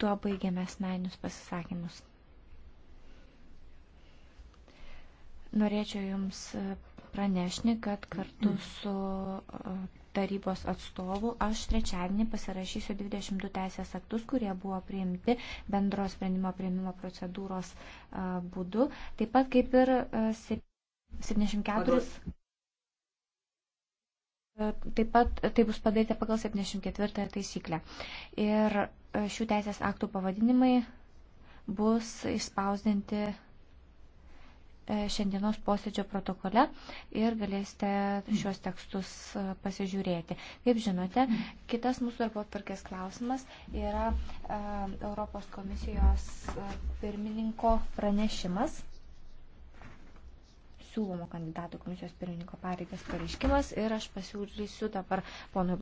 Tuo baigiame asmeninius pasisakymus. Norėčiau Jums pranešti, kad kartu su e, tarybos atstovų aš trečiadienį pasirašysiu 22 teisės aktus, kurie buvo priimti bendro sprendimo priimimo procedūros e, būdu. Taip pat kaip ir 74. E, taip pat tai bus padaryta pagal 74 taisyklę. Ir šių teisės aktų pavadinimai bus išspausdinti e, šiandienos posėdžio protokole ir galėsite šios tekstus e, pasižiūrėti. Kaip žinote, kitas mūsų darbo atvarkės klausimas yra e, Europos komisijos pirmininko pranešimas siūlomo kandidato komisijos pirmininko pareigas pareiškimas ir aš pasiūlysiu dabar ponui